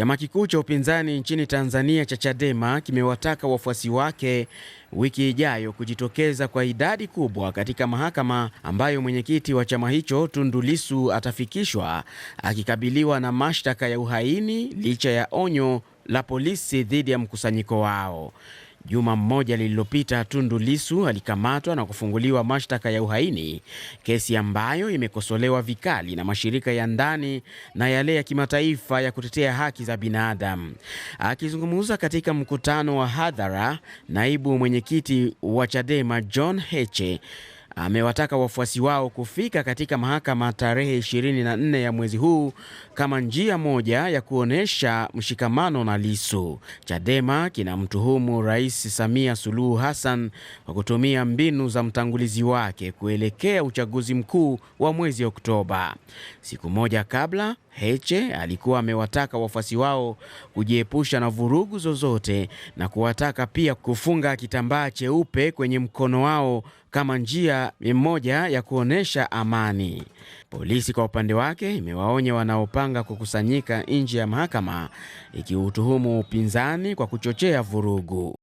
Chama kikuu cha upinzani nchini Tanzania cha Chadema kimewataka wafuasi wake wiki ijayo kujitokeza kwa idadi kubwa katika mahakama ambayo mwenyekiti wa chama hicho Tundu Lissu atafikishwa akikabiliwa na mashtaka ya uhaini licha ya onyo la polisi dhidi ya mkusanyiko wao. Juma mmoja lililopita, Tundu lisu alikamatwa na kufunguliwa mashtaka ya uhaini, kesi ambayo imekosolewa vikali na mashirika ya ndani na yale ya kimataifa ya kutetea haki za binadamu. Akizungumza katika mkutano wa hadhara, naibu mwenyekiti wa Chadema John Heche amewataka wafuasi wao kufika katika mahakama tarehe 24 ya mwezi huu kama njia moja ya kuonyesha mshikamano na lisu Chadema kinamtuhumu Rais Samia Suluhu Hassan kwa kutumia mbinu za mtangulizi wake kuelekea uchaguzi mkuu wa mwezi Oktoba. Siku moja kabla Heche alikuwa amewataka wafuasi wao kujiepusha na vurugu zozote na kuwataka pia kufunga kitambaa cheupe kwenye mkono wao kama njia moja ya kuonesha amani. Polisi kwa upande wake imewaonya wanaopanga kukusanyika nje ya mahakama ikiutuhumu upinzani kwa kuchochea vurugu.